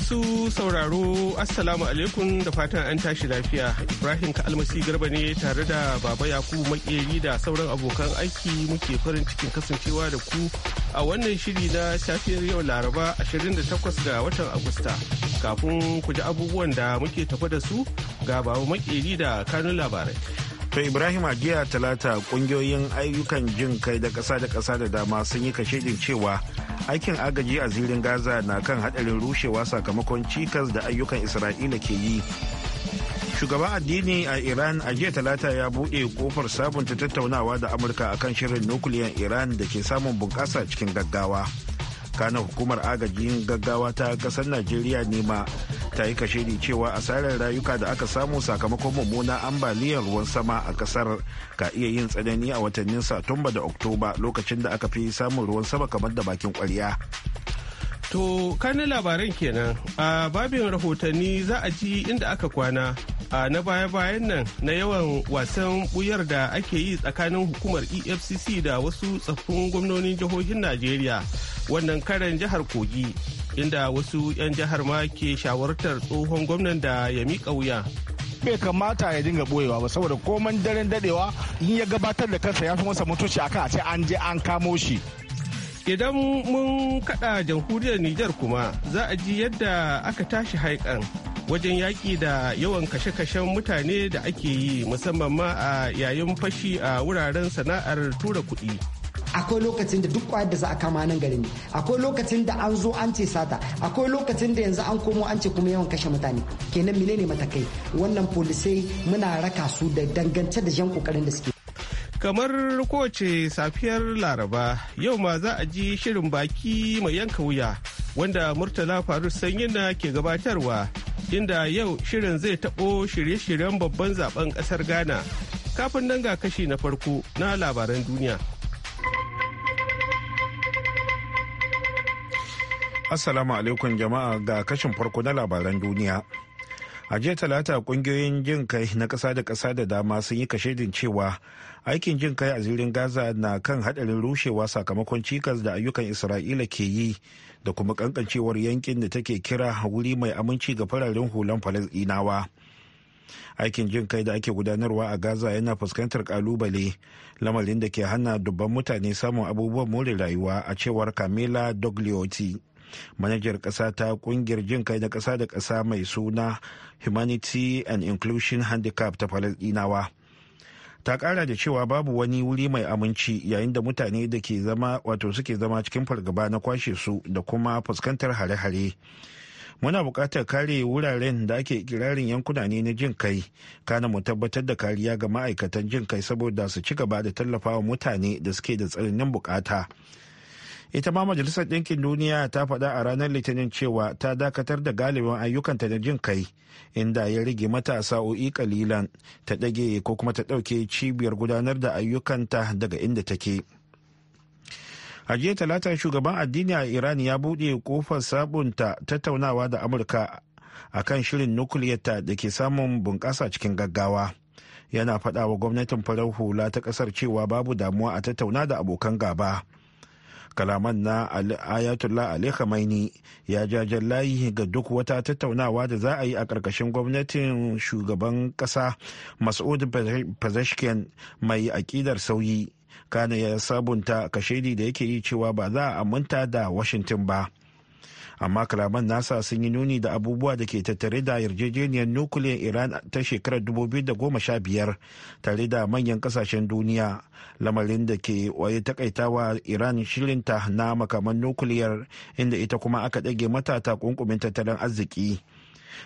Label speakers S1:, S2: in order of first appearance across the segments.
S1: Masu sauraro Assalamu alaikum da fatan an tashi lafiya. Ibrahim kalmasi Garba ne tare da Baba Yakubu Makeri da sauran abokan aiki muke farin cikin kasancewa da ku a wannan shiri na safiyar yau Laraba 28 ga watan Agusta. Kafin ku ji abubuwan da muke tafa da su ga Baba Makeri da kanun labarai. To Ibrahim a jiya talata
S2: kungiyoyin ayyukan jin kai da ƙasa da ƙasa da dama sun yi kashedin cewa aikin agaji a zirin gaza na kan hadarin rushewa sakamakon cikas da ayyukan isra'ila ke yi shugaban addini a iran a jiya talata ya buɗe kofar sabunta tattaunawa da amurka akan shirin nukiliyan iran da ke samun bunƙasa cikin gaggawa na hukumar agajin gaggawa ta kasar najeriya ma ta yi kashedi cewa asarar rayuka da aka samu sakamakon mummunan ambaliyar ruwan sama a kasar ka iya yin tsanani a watannin satumba da oktoba lokacin da aka fi samun ruwan sama kamar da bakin kwarya
S1: To kanin labaran kenan a babin rahotanni za a ji inda aka kwana a na baya-bayan nan na yawan wasan buyar da ake yi tsakanin hukumar efcc da wasu tsaffin gwamnonin jihohin najeriya wannan karan jihar kogi inda wasu 'yan jihar ma ke shawartar tsohon gwamnan da ya miƙa wuya
S3: bai kamata ya dinga boyewa ba saboda koman daren dadewa in ya gabatar da
S1: kansa ya fi masa mutunci akan a ce an je an kamo shi Idan mun kada jamhuriyar Nijar kuma za a ji yadda aka tashi haikan wajen yaƙi da yawan kashe-kashen mutane da ake yi musamman ma a yayin fashi a wuraren sana'ar tura kuɗi.
S4: akwai lokacin da duk kwayar da za a kama nan garin akwai lokacin da an zo an ce sata akwai lokacin da yanzu an komo an ce kuma yawan kashe mutane kenan menene matakai wannan polisai muna raka su da dangance da jan kokarin da suke
S1: kamar kowace safiyar laraba yau ma za a ji shirin baki mai yanka wuya wanda murtala sanyi na ke gabatarwa inda yau shirin zai tabo shirye-shiryen babban zaben kasar ghana kafin nan ga kashi na farko na labaran duniya
S2: assalamu alaikum jama'a ga kashin farko na labaran duniya a jiya talata kungiyoyin jin kai na ƙasa da ƙasa da dama sun yi kashedin cewa aikin jin kai a zirin gaza na kan haɗarin rushewa sakamakon cikas da ayyukan isra'ila ke yi da kuma kankancewar yankin da take kira wuri mai aminci ga fararen hulan falasɗinawa aikin jin kai da ake gudanarwa a gaza yana fuskantar kalubale lamarin da ke hana dubban mutane samun abubuwan more rayuwa a cewar camila dogliotti manajar kasa ta kungiyar jin kai na kasa da kasa mai suna humanity and inclusion handicap ta falasɗinawa ta kara da cewa babu wani wuri mai aminci yayin da mutane da ke zama wato suke zama cikin fargaba na kwashe su da kuma fuskantar hare-hare muna buƙatar kare wuraren da ake kirarin yankuna ne na jin kai kana mu tabbatar da kariya ga ma'aikatan jin kai saboda su ci gaba da tallafawa mutane da suke da tsananin bukata ita ma majalisar ɗinkin duniya ta faɗa a ranar litinin cewa ta dakatar da galibin ayyukanta na jin kai inda ya rage mata sa'o'i kalilan ta ɗage ko kuma ta ɗauke cibiyar gudanar da ayyukanta daga inda take a jiya talata shugaban addini a iran ya buɗe kofar sabunta tattaunawa da amurka a kan shirin nukiliyarta da ke samun bunƙasa cikin gaggawa yana faɗa gwamnatin farar hula ta ƙasar cewa babu damuwa a tattauna da abokan gaba. kalaman na ayatollah ali khamenei ya jajen layi ga duk wata tattaunawa da za a yi a ƙarƙashin gwamnatin shugaban ƙasa mas'ud pezeshkian mai aƙidar sauyi kana ya sabunta kashedi da yake yi cewa ba za a aminta da washington ba amma kalaman nasa sun yi nuni da abubuwa da ke tattare da yarjejeniyar nukuliyar iran ta shekarar 2015 tare da manyan kasashen duniya lamarin da ke waye takaitawa iran shirinta na makaman nukuliyar inda ita kuma aka ɗage mata kunkumin tattalin arziki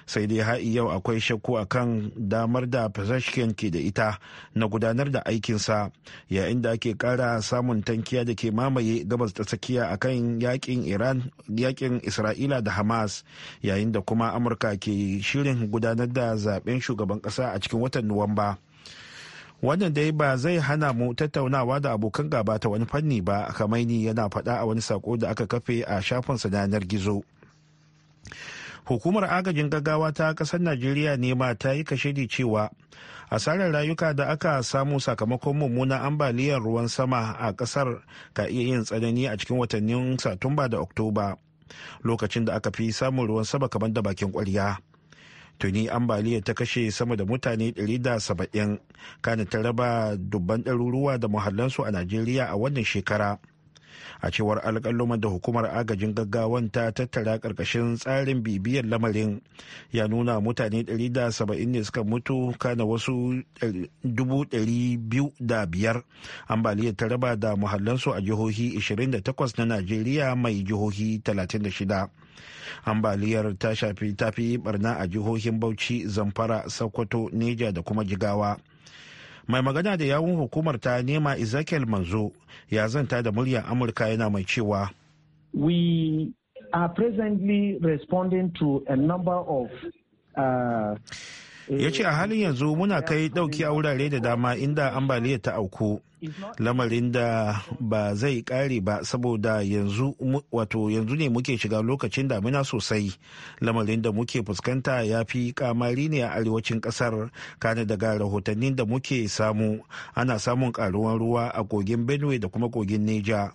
S2: sai dai har yau akwai shakku akan damar da Pezeshkian ke da ita na gudanar da aikinsa yayin da ake kara samun tankiya da ke mamaye gabas ta tsakiya akan yakin Iran yakin Isra'ila da Hamas yayin da kuma Amurka ke shirin gudanar da zaben shugaban kasa a cikin watan Nuwamba. wannan dai ba zai hana mu tattaunawa da abokan gaba ta wani fanni ba ni yana faɗa a wani sako da aka kafe a shafin na gizo hukumar agajin gaggawa ta kasar najeriya ne ma ta yi kashedi cewa asarar rayuka da aka samu sakamakon mummunan ambaliyar ruwan sama a kasar ka iya yin tsanani a cikin watannin satumba da oktoba lokacin da aka fi samun ruwan sama kamar da bakin kwarya tuni ambaliyar ta kashe sama da mutane 170 kana ta raba dubban ɗaruruwa da muhallansu a najeriya a wannan shekara a cewar alƙaluma da hukumar agajin gaggawan ta tattara ƙarƙashin tsarin bibiyar lamarin ya nuna mutane 170 ne suka mutu kana wasu biyar ambaliyar ta raba da muhallansu a jihohi 28 na najeriya mai jihohi 36 ambaliyar ta shafi tafi barna a jihohin bauchi zamfara sokoto neja da kuma jigawa mai magana da yawun hukumar ta nema ezekiel manzo ya zanta da muryar amurka yana mai cewa we are presently responding to a number of uh, ya ce a halin yanzu muna kai dauki a wurare da dama inda ambaliyar ta auku lamarin da ba zai kare ba saboda yanzu wato yanzu ne muke shiga lokacin damina sosai lamarin da muke fuskanta ya fi kamari ne a arewacin kasar kane daga rahotannin da muke samu ana samun karuwan ruwa a kogin benue da kuma kogin neja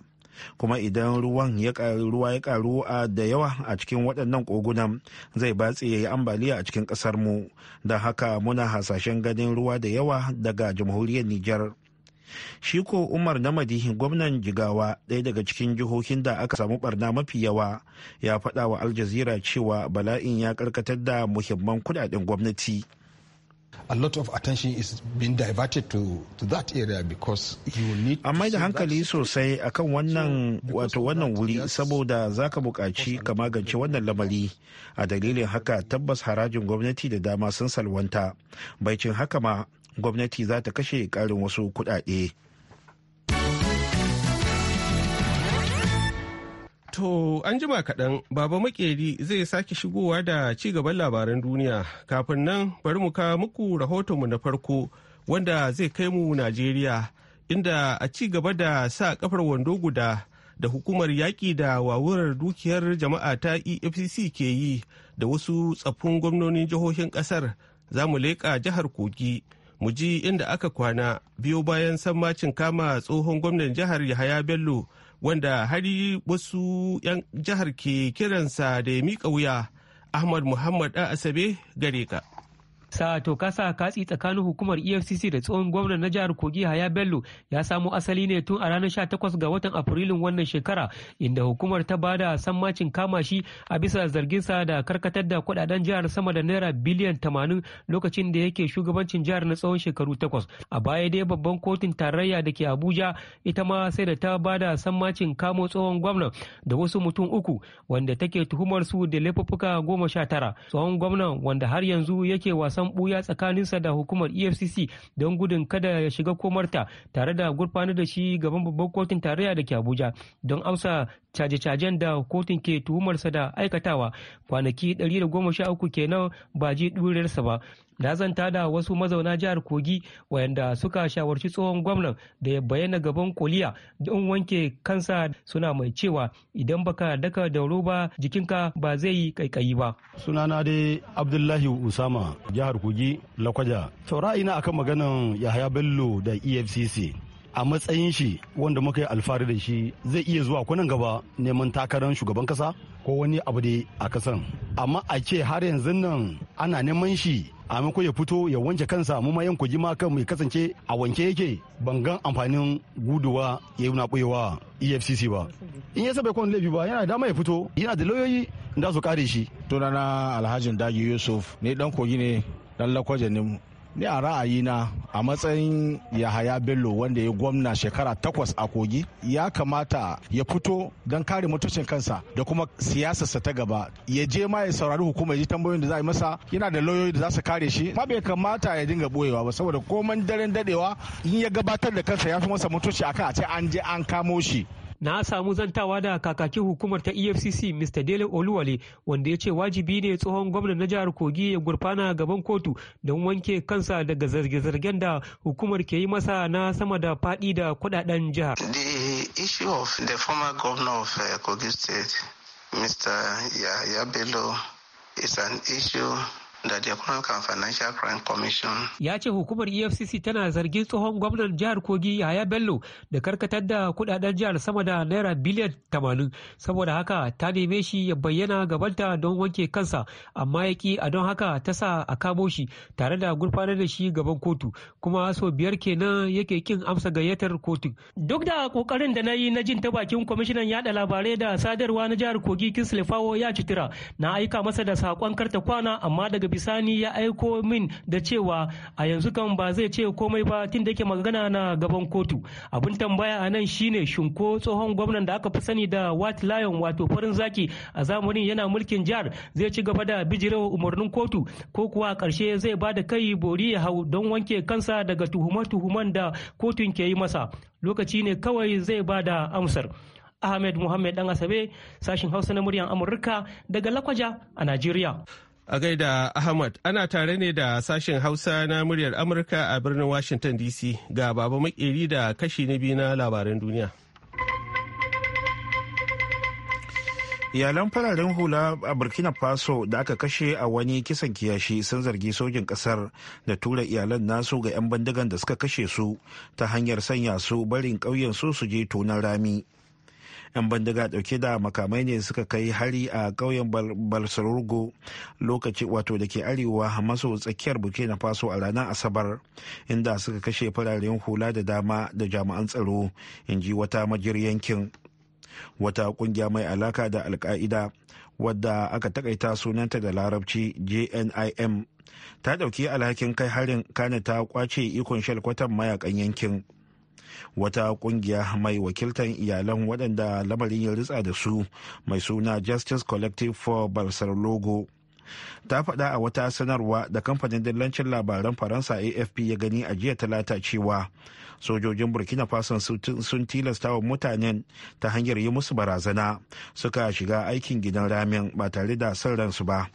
S2: kuma idan ruwan ya ruwa ya karu a da yawa a cikin waɗannan kogunan zai batse ya yi ambaliya a cikin ƙasar mu da haka muna hasashen ganin ruwa da yawa daga jamhuriyar Nijar. shi ko umar na madihin gwamnan jigawa ɗaya daga cikin jihohin da aka samu barna mafi yawa ya faɗa wa aljazira cewa bala'in ya karkatar da muhimman kudaden gwamnati
S3: a lot of attention is being diverted to, to that area because you
S2: need amma da hankali sosai akan wannan wato wannan wuri saboda zaka buƙaci ka magance wannan lamari a dalilin haka tabbas harajin gwamnati da dama sun salwanta baicin haka ma gwamnati za ta kashe ƙarin wasu kuɗaɗe.
S1: To an jima kaɗan baba makeri zai sake shigowa da ci gaban labaran duniya kafin nan bari mu ka muku rahotonmu na farko wanda zai kai mu Najeriya inda a ci gaba da sa kafar wando guda da hukumar yaƙi da wawurar dukiyar jama'a ta EFCC ke yi da wasu tsaffin gwamnonin jihohin ƙasar za mu leƙa jihar Kogi. mu ji inda aka kwana biyo bayan sammacin kama tsohon gwamnan jihar yahaya bello wanda hari wasu 'yan jihar ke
S5: kiransa da ya mika wuya ahmad muhammad asabe gare ka Sa'a to kasa katsi tsakanin hukumar EFCC da tsohon gwamna na jihar Kogi Haya Bello ya samo asali ne tun a ranar 18 ga watan Afrilun wannan shekara inda hukumar ta bada sammacin kama shi a bisa zargin sa da karkatar da kudaden jihar sama da naira biliyan 80 lokacin da yake shugabancin jihar na tsawon shekaru takwas. A baya dai babban kotun tarayya da ke Abuja ita ma sai da ta bada sammacin kamo tsohon gwamna da wasu mutum uku wanda take tuhumar su da laifuffuka goma sha tara. Tsohon gwamnan wanda har yanzu yake wasa wasan buya tsakaninsa da hukumar efcc don gudun kada ya shiga komarta tare da gurfanar da shi gaban babban kotun tarayya da ke abuja don amsa caje-cajen da kotun ke tuhumarsa da aikatawa kwanaki 113 kenan ba ji ɗuriyarsa ba na zanta da wasu mazauna jihar kogi wayanda suka shawarci tsohon gwamnan da ya bayyana gaban koliya don wanke kansa suna mai cewa idan baka daka da roba jikinka ba zai yi kaikayi ba sunana dai abdullahi usama jihar
S6: kogi lakwaja to na akan maganan yahaya bello da efcc a matsayin shi wanda muka yi alfahari da shi zai iya zuwa kunan gaba neman takarar shugaban kasa ko wani abu da a kasan amma a ce har yanzu nan ana neman shi a maimakon ya fito ya wanke kansa mu ma yan kogi ma kan mai kasance a wanke yake ban gan amfanin guduwa ya yi naɓoyewa efcc ba in ya saba kwan laifi ba yana dama ya fito yana
S3: da lauyoyi da su kare shi tunana alhajin dagi yusuf ne dan kogi ne dan lakwajen ne ni a ra'ayina a matsayin yahaya bello wanda ya gwamna shekara takwas a kogi ya kamata ya fito don kare mutuncin kansa da kuma siyasarsa ta gaba ya je ma ya saurari hukumar ji tambayoyin da za a yi masa yana da lauyoyi da za su kare shi ma bai kamata ya dinga boyewa ba saboda komai daren dadewa in ya gabatar da kansa ya fi masa mutunci akan a ce an je an kamo shi
S5: na samu zantawa da kakakin hukumar ta efcc mr dele oluwale wanda ya ce wajibi ne tsohon gwamnan na jihar kogi ya gurfana gaban kotu don wanke kansa daga zarge-zargen da hukumar ke yi masa na sama da faɗi da kudaden jihar
S7: the issue of the former governor of uh, kogi state mr yahya is an issue da Japan Financial
S5: Crime Commission. Ya ce hukumar EFCC tana zargin tsohon gwamnan jihar Kogi Yahaya Bello da karkatar da kudaden jihar sama da naira biliyan tamanin saboda haka ta neme shi ya bayyana gabanta don wanke kansa amma ya ki a don haka ta sa a kamo shi tare da gurfanar da shi gaban kotu kuma so biyar kenan yake kin amsa gayyatar kotu. Duk da kokarin da na yi na jin ta bakin kwamishinan yada labarai da sadarwa na jihar Kogi Kinsley Fawo ya citira na aika masa da sakon karta kwana amma daga bisani ya aiko min da cewa a yanzu kan ba zai ce komai ba tun da yake magana na gaban kotu abin tambaya a nan shine shinko tsohon gwamnan da aka fi sani da wat lion wato farin zaki a zamanin yana mulkin jihar zai ci gaba da bijirewa umarnin kotu ko kuwa karshe zai ba da kai bori ya hau don wanke kansa daga tuhume tuhuman da kotun ke yi masa lokaci ne kawai zai ba da amsar ahmed muhammed dan asabe sashin hausa na muryan amurka daga lakwaja a najeriya
S1: A gaida Ahmad ana tare ne da sashen Hausa na muryar Amurka a birnin Washington DC ga baba makeri da kashi na biyu na labaran duniya. Iyalan
S2: fararen hula a Burkina Faso da aka kashe a wani kisan kiyashi sun zargi sojin kasar da tura iyalan nasu ga 'yan bandigan da suka kashe su ta hanyar sanya su barin ƙauyen su su je tonan rami. 'yan bandiga dauke da makamai ne suka kai hari a ƙauyen balsarurgo lokaci wato da ke arewa maso tsakiyar buke na faso a ranar asabar inda suka kashe fararen hula da dama da jami'an tsaro in ji wata majir yankin wata kungiya mai alaka da alka'ida wadda aka takaita sunanta da larabci jnim ta dauki alhakin kai harin kane ta kwace ikon shalkwatan mayakan yankin wata kungiya mai wakiltar iyalan waɗanda lamarin ya ritsa da su mai suna justice collective for logo ta faɗa a wata sanarwa da kamfanin dillancin labaran faransa afp ya gani a jiya talata cewa sojojin burkina faso sun tilasta wa mutanen ta hanyar yi musu barazana suka shiga aikin gidan ramin ba tare da son ransu ba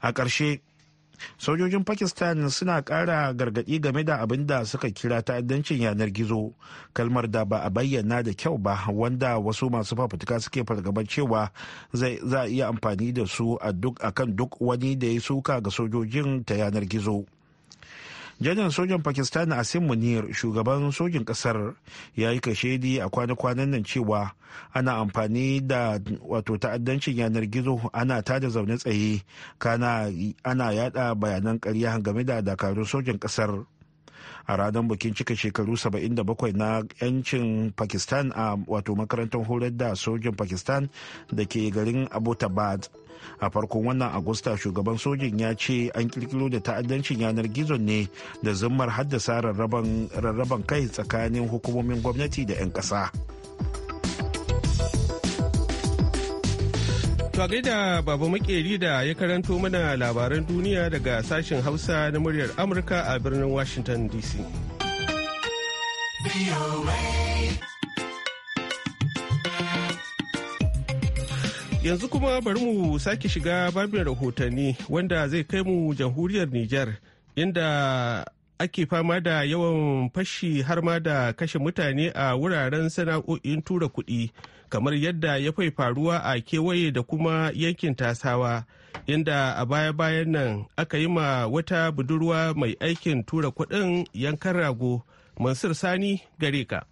S2: a ƙarshe sojojin pakistan suna kara gargadi game da abin da suka kira ta'addancin yanar gizo kalmar da ba a bayyana da kyau ba wanda wasu masu fafutuka suke fargabar cewa za a iya amfani da su a kan duk wani da ya suka ga sojojin ta yanar gizo janar sojan pakistan asim munir shugaban sojin kasar ya yi kashedi a kwana-kwanan nan cewa ana amfani da wato ta'addancin yanar gizo ana tada zaune tsaye kana ana yada bayanan karya game da dakarun sojin kasar a ranar bikin cika shekaru 77 na 'yancin pakistan a wato makarantar horar da sojin pakistan da ke garin abbottabad a farkon wannan agusta shugaban sojin ya ce an kirkiro da ta'addancin yanar gizon ne da zummar haddasa rarraban kai tsakanin hukumomin
S1: gwamnati da 'yan ƙasa. To gaida Baba Makeri da ya karanto mana labaran duniya daga sashen Hausa na muryar Amurka a birnin Washington DC. Yanzu kuma bari mu sake shiga babin rahotanni wanda zai kai mu jamhuriyar Nijar inda ake fama da yawan fashi har ma da kashe mutane a wuraren sana'o'in tura kuɗi. kamar yadda ya fai faruwa a kewaye da kuma yankin tasawa inda a baya-bayan nan aka yi ma wata budurwa mai aikin tura kudin yankan rago mansur sani gare ka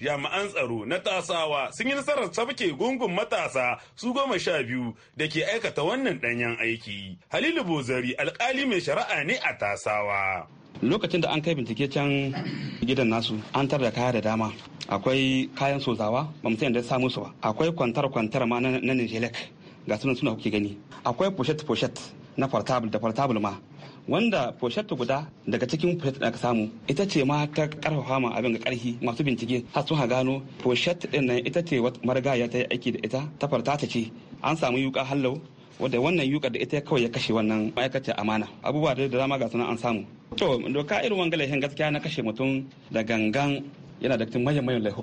S6: jami'an tsaro na tasawa sun yi nasarar tsabke gungun matasa su goma sha biyu da ke aikata wannan ɗanyen aiki halilu bozari alkali mai shari'a
S1: ne a tasawa lokacin da an kai bincike can gidan nasu an tar da kaya da dama akwai kayan sozawa ba mu san da samu su ba akwai kwantar kwantar ma na nijelek ga sunan suna kuke gani akwai poshet poshet na portable da portable ma wanda poshet guda daga cikin poshet da aka samu ita ce ma ta karfafa ma abin ga karfi masu bincike har sun gano poshet din nan ita ce marigaya ta yi aiki da ita ta farta ta ce an samu yuka hallau wadda wannan yuka da ita kawai ya kashe wannan ma'aikacin amana abubuwa da dama ga sunan an samu to doka irin wanga laifin gaskiya na kashe mutum da gangan yana da cikin manyan manyan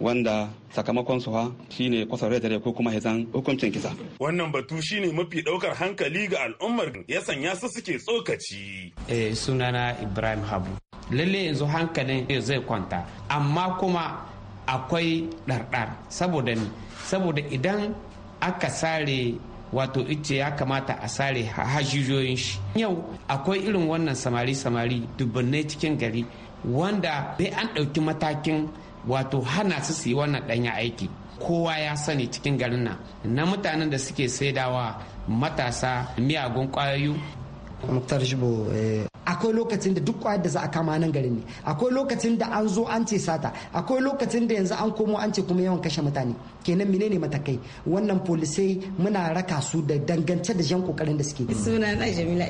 S1: wanda sakamakon su ha shine kwasa rai da ko kuma hizan hukuncin kisa
S6: wannan batu shine mafi daukar hankali ga al'ummar ya sanya su suke tsokaci
S1: eh sunana Ibrahim Habu lalle yanzu hankalin zai kwanta amma kuma akwai ɗarɗar saboda ni saboda idan aka sare wato ice ya kamata a sare hajijoyin shi yau akwai irin wannan samari samari dubbannai cikin gari wanda bai an ɗauki matakin wato hana su su yi wannan ɗanya aiki kowa ya sani cikin garin nan na mutanen da suke saidawa matasa miyagun kwayoyi.
S4: akwai lokacin da duk kwayar da za a kama nan garin ne akwai lokacin da an zo an ce sata akwai lokacin da yanzu an komo an ce kuma yawan kashe mutane kenan menene matakai wannan polisai muna raka su da dangance da jan kokarin da suke suna na jamila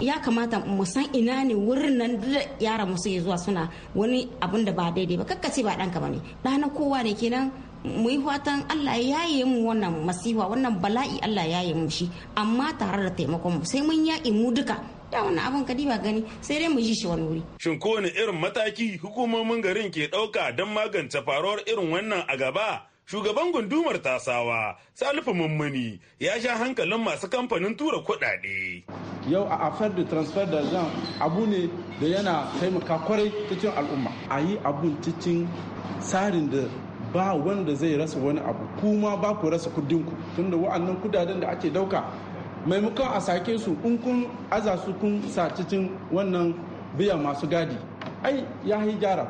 S4: ya kamata mu san ina ne wurin nan da yara musu ya zuwa suna wani abun da ba daidai ba kakkace ba danka bane ɗana kowa ne kenan mu fatan Allah ya yaye mu wannan masifa wannan bala'i Allah ya yaye mu shi amma tare da taimakon mu sai mun yaki mu duka da wani abin ka ba gani sai dai mu ji shi wani wuri.
S6: Shin kowane irin mataki hukumomin garin ke ɗauka don magance faruwar irin wannan a gaba? Shugaban gundumar tasawa Salifu Mummuni ya sha hankalin masu kamfanin tura kuɗaɗe.
S3: Yau a affaire de transfer da zan abu ne da yana taimaka kwarai cikin al'umma. A yi abun cikin tsarin da ba wanda zai rasa wani abu kuma ba ku rasa kudinku tunda wa'annan kudaden da ake ɗauka. maimakon a sake su in kun aza su kun sa cikin wannan biya masu gadi ai ya yi gyara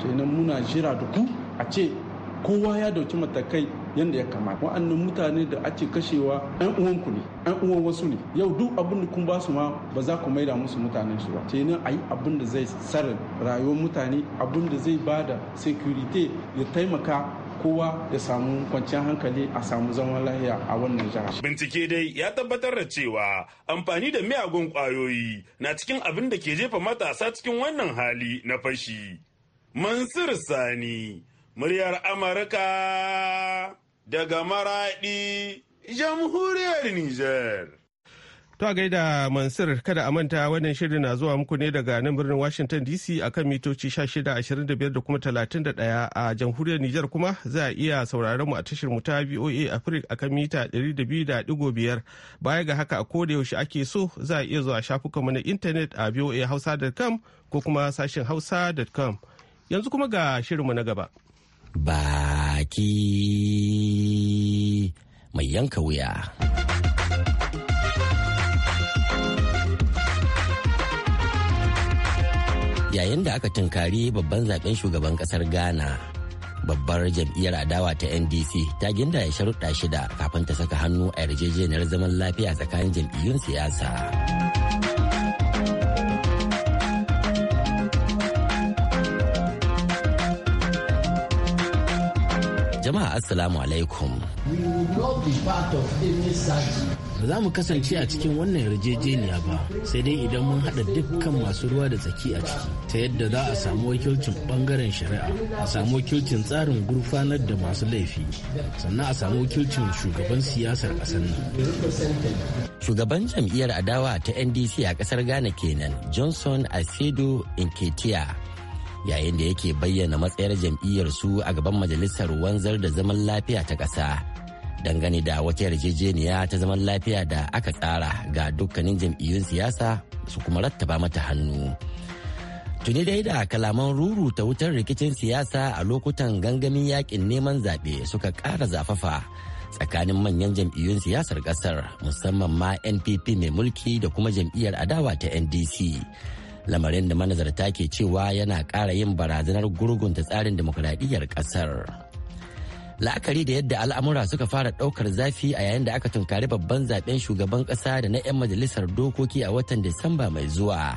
S3: kenan muna jira da ku a ce kowa ya dauki matakai yadda ya kamata wa'annan mutane da ake kashewa 'yan uwanku ne 'yan uwan wasu ne yau duk abin da kun ba su ma ba za ku maida musu mutane su ba kenan a yi abin da zai tsare rayuwar mutane abin da zai da security ya taimaka kowa ya samu kwanciyar hankali a samu zaman lahiya a wannan jihar.
S6: Bincike dai ya tabbatar da cewa amfani da miyagun kwayoyi na cikin abin da ke jefa matasa cikin wannan hali na fashi. Mansur Sani, muryar Amurka daga Maraɗi, jamhuriyar Nijar.
S1: To a gaida Mansur kada a manta wannan shirin na zuwa muku ne daga nan birnin Washington DC akan mitoci 1625 da kuma 31 a jamhuriyar Nijar kuma za a iya sauraron mu a tashar mu ta VOA Africa akan mita 200.5 baya ga haka a da yaushe ake so za a iya zuwa shafukan mu na intanet a voahausa.com ko kuma sashin hausa.com yanzu kuma ga
S4: shirin mu na gaba. Baki mai yanka wuya. yayin da aka tunkari babban zaben shugaban kasar ghana babbar jam'iyyar adawa ta ndc ta ginda ya sharuɗa shida kafin ta saka hannu a yarjejeniyar zaman lafiya tsakanin jam'iyyun siyasa jama'a assalamu alaikum ba za mu kasance a cikin wannan yarjejeniya ba sai dai idan mun haɗa dukkan masu ruwa da tsaki a ciki ta yadda za a samu wakilcin bangaren shari'a a samu wakilcin tsarin gurfanar da masu laifi sannan a samu wakilcin shugaban siyasar ƙasar nan shugaban jam'iyyar adawa ta ndc a ƙasar ghana kenan johnson asedo inketia yayin da yake bayyana matsayar jam'iyyar su a gaban majalisar wanzar da zaman lafiya ta ƙasa dangane da wata yarjejeniya ta zaman lafiya da aka tsara ga dukkanin jam'iyyun siyasa su kuma rattaba mata hannu tuni dai da kalaman ruru ta wutar rikicin siyasa a lokutan gangamin yakin neman zaɓe suka ƙara zafafa tsakanin manyan jam'iyyun siyasar ƙasar musamman ma npp mai mulki da kuma jam'iyyar adawa ta ndc lamarin da manazarta ke cewa yana ƙara yin barazanar gurgunta tsarin dimokuraɗiyyar ƙasar. la'akari da yadda al'amura suka fara ɗaukar zafi a yayin da aka tunkari babban zaben shugaban ƙasa da na 'yan majalisar dokoki a watan disamba mai zuwa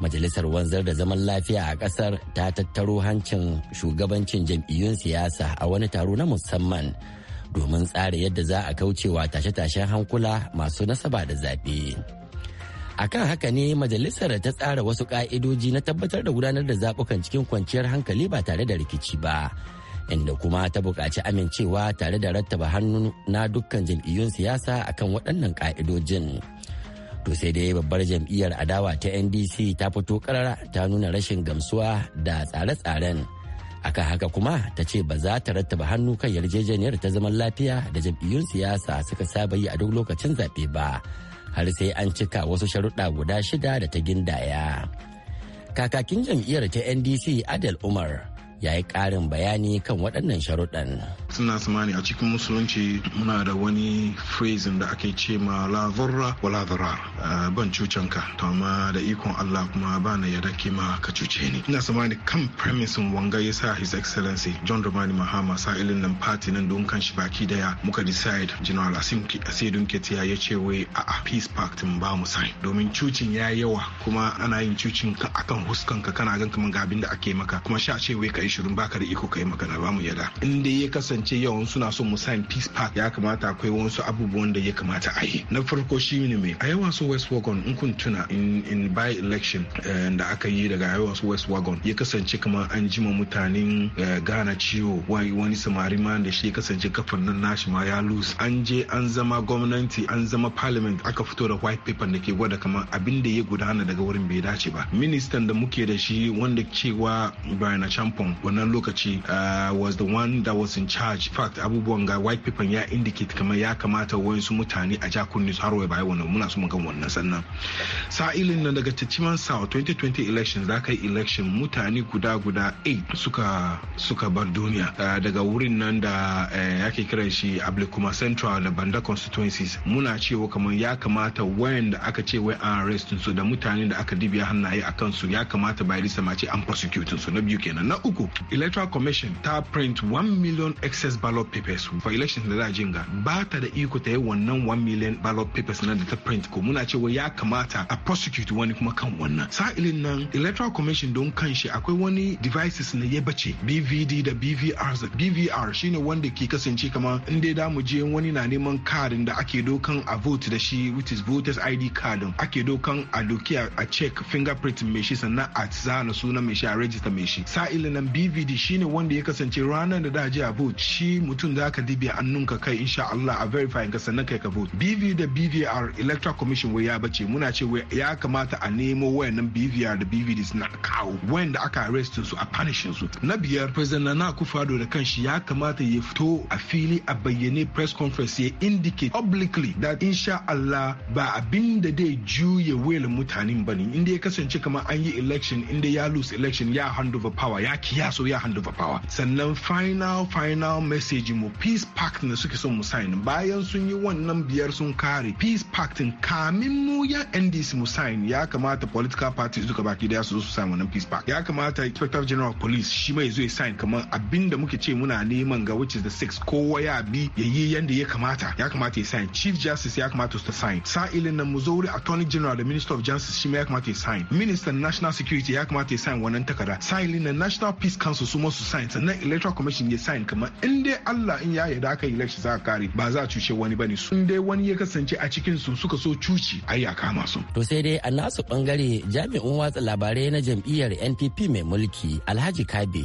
S4: majalisar wanzar da zaman lafiya a ƙasar ta tattaro hancin shugabancin jam'iyyun siyasa a wani taro na musamman domin tsara yadda za a kaucewa tashe-tashen hankula masu nasaba da zaɓe. kan haka ne majalisar ta tsara wasu ka'idoji na tabbatar da gudanar da zabukan cikin kwanciyar hankali ba tare da rikici ba inda kuma ta buƙaci amincewa tare da rattaba hannu na dukkan jam'iyyun siyasa akan waɗannan ƙa'idojin. To sai dai babbar jam'iyyar adawa ta NDC ta fito karara ta nuna rashin gamsuwa da tsare-tsaren. Akan haka kuma ta ce ba za ta rattaba hannu kan yarjejeniyar ta zaman lafiya da jam'iyyun siyasa suka saba yi a duk lokacin zaɓe ba. Har sai an cika wasu sharuɗa guda shida da ta gindaya. Kakakin jam'iyyar ta NDC Adel Umar ya yi ƙarin bayani kan waɗannan sharuɗan.
S3: Suna samani a cikin musulunci muna da wani phrasing da ake ce ma la wa la ban cucanka, ka to amma da ikon Allah kuma ba na yarda ke ma ka cuce ni. Ina samani kan premisin wanga ya His Excellency John Dramani Mahama ilin nan party nan don kan shi baki daya muka decide General Asim Asidun Ketiya ya ce a a peace pact ba mu sai domin cucin ya yawa kuma ana yin cucin ka akan huskan ka kana gan kaman ga abin da ake maka kuma sha ce wai ka shirin baka da iko kai magana ba mu yada in dai ya kasance yawan suna son mu sign peace pact ya kamata akwai wasu abubuwan da ya kamata a yi na farko shi ne mai a yawa su west wagon in kun tuna in by election eh, da aka yi daga yawa su west wagon ya kasance kama an jima mutanen eh, ghana ciwo wani samari ma da shi ya kasance kafin nan nashi ma ya lose an je an zama gwamnati an zama parliament aka fito da white paper da ke gwada kama. abin da ya gudana daga wurin bai dace ba ministan da muke da shi wanda cewa Brian Champon wannan lokaci uh, was the one that was in charge fact abubuwan ga white people ya indicate kamar ya kamata wasu mutane a jakunni su har wai wannan muna so mu gan wannan sannan sa'ilin na daga Tachiman South 2020 elections da ka yi election mutane guda guda 8 suka suka bar duniya uh, daga wurin nan da yake eh, kiran shi Ablekuma Central da Banda constituencies muna cewa kamar ya kamata wayanda aka ce wai an arrest su da mutane da aka dibiya hannaye a kansu ya kamata bai lisa ma ce an prosecute su na biyu kenan na uku electoral commission ta print 1 million excess ballot papers for elections da za ga ba ta da iko ta yi wannan 1 million ballot papers nan da ta print ko muna cewa ya kamata a prosecute wani kuma kan wannan sa'ilin nan electoral commission don kanshi akwai wani devices na ya bace bvd da bvr bvr shine wanda ke kasance kamar in dai da mu je wani na neman card da ake dokan a vote da shi which is voters id card ake dokan a doki a check fingerprint mai shi sannan a zana sunan mai shi a register mai shi sa'ilin nan dvd shine wanda ya kasance ranar da da je a vote shi mutum da aka dibe annunka kai insha Allah a verify ka sannan kai ka vote bv da bvr electoral commission wai ya bace muna ce ya kamata a nemo wayannan bvr da bvd suna kawo wayanda aka arrest su a punish su na biyar president nana akufo da kanshi ya kamata ya fito a fili a bayyane press conference ya indicate publicly that insha Allah ba abin da dai juye wayar mutanen bane inda ya kasance kamar an yi election inda ya lose election ya hand over power ya kiya ya so ya handle power sannan final final message mu peace pact da suke son mu sign bayan sun yi wannan biyar sun kare peace pact kamin mu ya NDC mu sign ya kamata political parties duka baki daya su zo su sign wannan peace pact ya kamata inspector general police shi mai zo ya sign kamar abin da muke ce muna neman ga which is the six kowa ya bi ya yi yanda ya kamata ya kamata ya sign chief justice ya kamata su sign sa'ilin nan mu attorney general da minister of justice shi ma ya kamata ya sign minister national security ya kamata ya sign wannan takarda sa'ilin nan national peace police council su su sign sannan electoral commission ya sign kamar in dai Allah in ya yarda aka yi election za a kare ba za a cuce
S4: wani bane su in dai wani ya kasance a cikin su suka so cuci ai a kama su to sai dai a nasu bangare jami'in watsa labarai na jam'iyyar NPP mai mulki Alhaji Kabe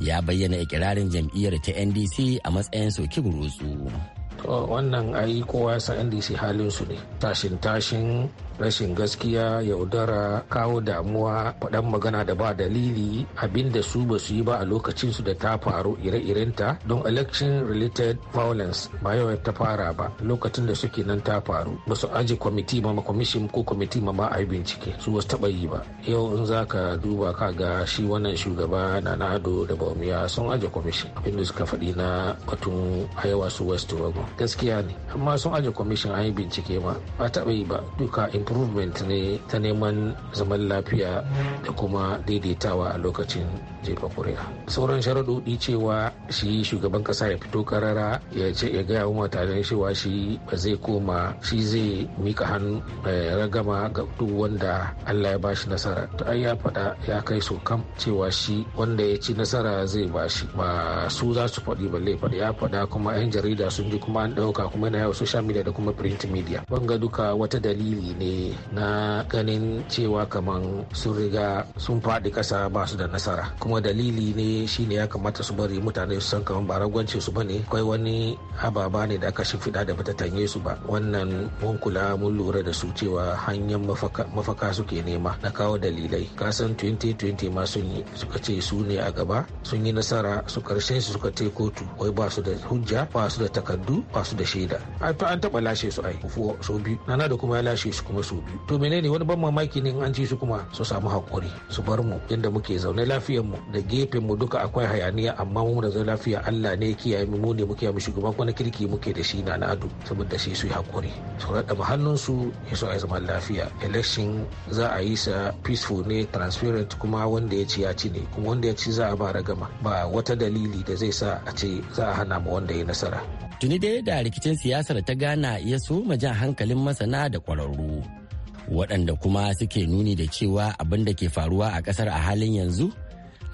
S4: ya bayyana ikirarin jam'iyyar ta NDC a matsayin soki burutsu
S7: wannan ayi kowa san NDC halin su ne tashin tashin rashin gaskiya yaudara kawo damuwa faɗan magana da ba dalili abinda su ba su yi ba a lokacin su da ta faru ire-irenta don election related violence ba yau ta fara ba lokacin da suke nan ta faru ba su aji kwamiti ma kwamishin ko kwamiti ma ma a yi bincike su wasu taɓa yi ba yau in za ka duba ka ga shi wannan shugaba na nado da baumiya sun aji kwamishin abinda suka faɗi na batun hayawa su west tobago gaskiya ne amma sun aji kwamishin an yi bincike ma ba taɓa yi ba duka in improvement ne ta neman zaman lafiya da kuma daidaitawa a lokacin jefa kuri'a sauran sharaɗoɗi cewa shi shugaban kasa ya fito karara ya ce ya gaya wa mutanen cewa shi ba zai koma shi zai mika hannu eh, ragama ga duk wanda allah ya bashi nasara ta an ya faɗa ya kai so kam cewa shi wanda ya ci nasara zai bashi ba su za su faɗi balle faɗi ya faɗa kuma yan jarida sun ji kuma an ɗauka kuma na yau social media da kuma print media ban ga duka wata dalili ne na ganin cewa kaman sun riga sun faɗi ƙasa ba su da nasara kuma kuma dalili ne shine ya kamata su bari mutane su san kamar ba ragwance su bane kai wani ababa ne da aka shimfiɗa da bata tanye su ba wannan mun kula mun lura da su cewa hanyar mafaka suke nema na kawo dalilai kasan 2020 ma sun yi suka ce su ne a gaba sun yi nasara su karshen su suka ce kotu wai ba su da hujja ba su da takardu ba su da shaida an taba lashe su ai so biyu nana da kuma ya lashe su kuma so biyu to menene wani ban mamaki ne in an ci su kuma su samu hakuri su bar mu yadda muke zaune lafiyar mu da gefen mu duka akwai hayaniya amma mu da zai lafiya Allah ne kiyaye mu ne muke mu shugaban kuma kirki muke da shi na ado saboda shi su yi hakuri su raɗa hannun su ya so a zaman lafiya election za a yi sa peaceful ne transparent kuma wanda ya ci ya ci ne kuma wanda ya ci za a ba ragama ba wata dalili da zai sa a ce za a hana mu wanda ya nasara
S4: tuni dai da rikicin siyasar ta gana ya so jan hankalin masana da kwararru waɗanda kuma suke nuni da cewa abin da ke faruwa a ƙasar a halin yanzu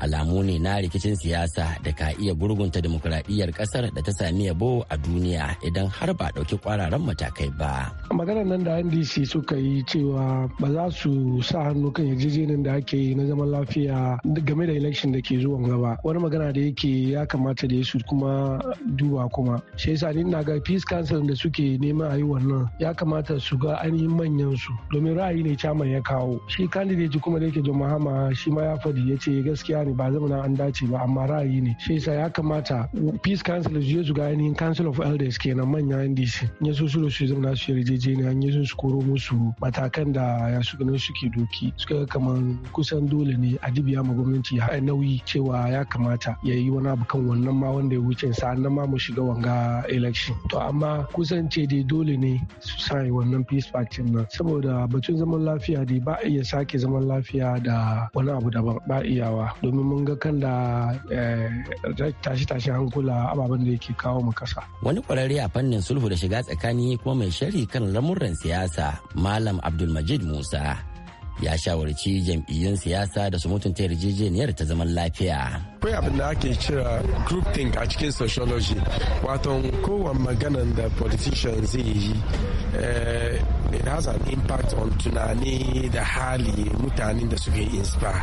S4: alamu ne na rikicin siyasa da ka iya gurgunta demokuraɗiyyar ƙasar da ta sami yabo a duniya idan har ba ɗauki kwararan matakai ba.
S8: maganar nan da ndc suka yi cewa ba za su sa hannu kan yarjejeniyar da ake yi na zaman lafiya game da election da ke zuwa gaba wani magana da yake ya kamata da su kuma duba kuma shi yasa ni ga peace council da suke neman a yi wannan ya kamata su ga ainihin manyan su domin ra'ayi ne caman ya kawo shi candidate kuma da yake john mahama shi ma ya faɗi ya ce gaskiya ne ne ba zama an dace ba amma ra'ayi ne shi yasa ya kamata peace council su je su ga ainihin council of elders kenan manya ndc ya so su su zama su yarjejeniya ya so su koro musu matakan da ya su ganin suke doki suka kamar kusan dole ne a dibiya ma gwamnati ya nauyi cewa ya kamata ya yi wani abu kan wannan ma wanda ya wuce sa'an nan ma mu shiga wanga election to amma kusan ce dai dole ne su sai wannan peace pact nan saboda batun zaman lafiya dai ba a iya sake zaman lafiya da wani abu daban ba iyawa domin domin mun ga kan da eh, tashi-tashi hankula ababen da yake kawo mu kasa.
S4: Wani kwararre a fannin sulhu da shiga tsakani kuma mai sharhi kan lamuran siyasa Malam Abdulmajid Musa ya shawarci jam'iyyun siyasa da su mutunta yarjejeniyar ta zaman lafiya.
S8: akwai abin da ake cira group think a cikin sociology wato kowane maganan da politician zai yi eh, it has an impact on tunani da hali mutanen da suke inspire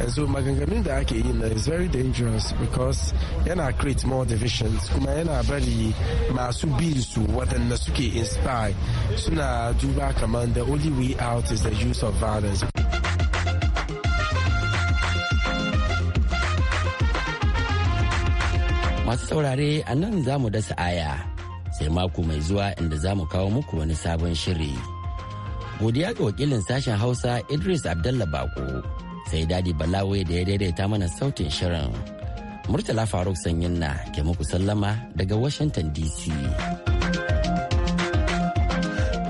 S8: yanzu maganganun da ake yi na is very dangerous because yana create more divisions kuma yana bari masu bin su waɗanda suke inspire suna duba kamar the only way out is the use of
S4: violence saurare a nan za mu dasa aya sai mako mai zuwa inda za mu kawo muku wani sabon shiri. Godiya ga wakilin sashen Hausa Idris Abdallah Bako sai Dadi Balawe da ya daidaita mana sautin shirin. Murtala Faruk Sanyin na ke muku sallama daga Washington DC.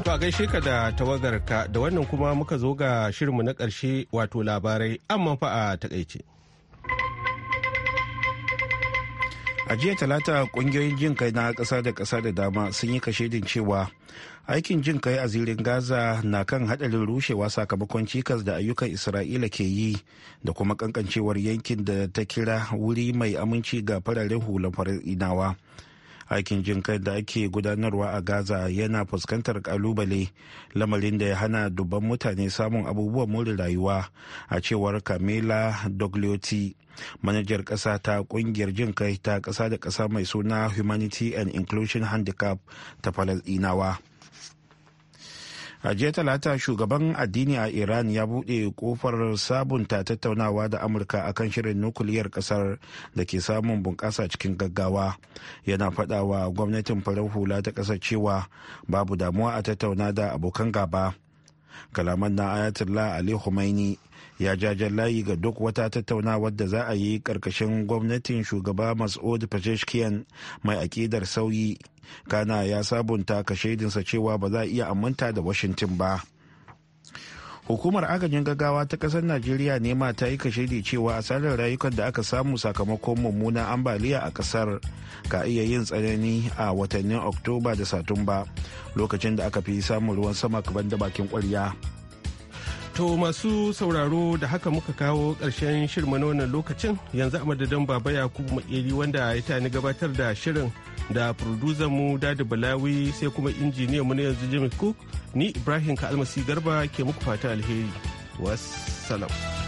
S4: To a gaishe ka da tawagarka da wannan kuma muka zo
S1: ga shirinmu na ƙarshe wato labarai amma fa a takaice. a jiya talata kungiyoyin jin kai na ƙasa da ƙasa da dama sun
S2: yi kashedin cewa aikin jin kai a zirin gaza na kan hadarin rushewa sakamakon cikas da ayyukan isra'ila ke yi da kuma kankancewar yankin da ta kira wuri mai aminci ga fararen hular inawa aikin jin kai da ake gudanarwa a gaza yana fuskantar kalubale lamarin da ya hana dubban mutane samun abubuwan more rayuwa a cewar camila dogliotti manajar kasa ta kungiyar jin kai ta kasa da kasa mai suna humanity and inclusion handicap ta falasɗinawa a jiya talata shugaban addini a iran ya buɗe kofar sabunta tattaunawa da amurka akan shirin nukuliyar kasar da ke samun bunƙasa cikin gaggawa yana faɗawa gwamnatin farar hula ta ƙasar cewa babu damuwa a tattauna da abokan gaba kalaman na ayatollah ali khomeini ya jajen layi ga duk wata tattaunawar da za a yi karkashin gwamnatin shugaba mas'ud pezeshkian mai akidar sauyi kana ya sabunta shaidinsa cewa ba za a iya aminta da washington ba hukumar agajin gaggawa ta kasar najeriya ne ma ta yi kashedi cewa asarar rayukan da aka samu sakamakon mummunan ambaliya a kasar ka iya yin tsanani a watannin oktoba da satumba lokacin da aka fi samun ruwan sama kaban da bakin kwarya
S1: To masu sauraro da haka muka kawo ƙarshen shirma na wannan lokacin yanzu a madadin Baba Yakubu Makeri wanda ya tani gabatar da shirin da producer mu Dadi Balawi sai kuma injiniyan mu na yanzu Jimmy Cook ni Ibrahim Ka Almasi Garba ke muku fata alheri. Wassalam.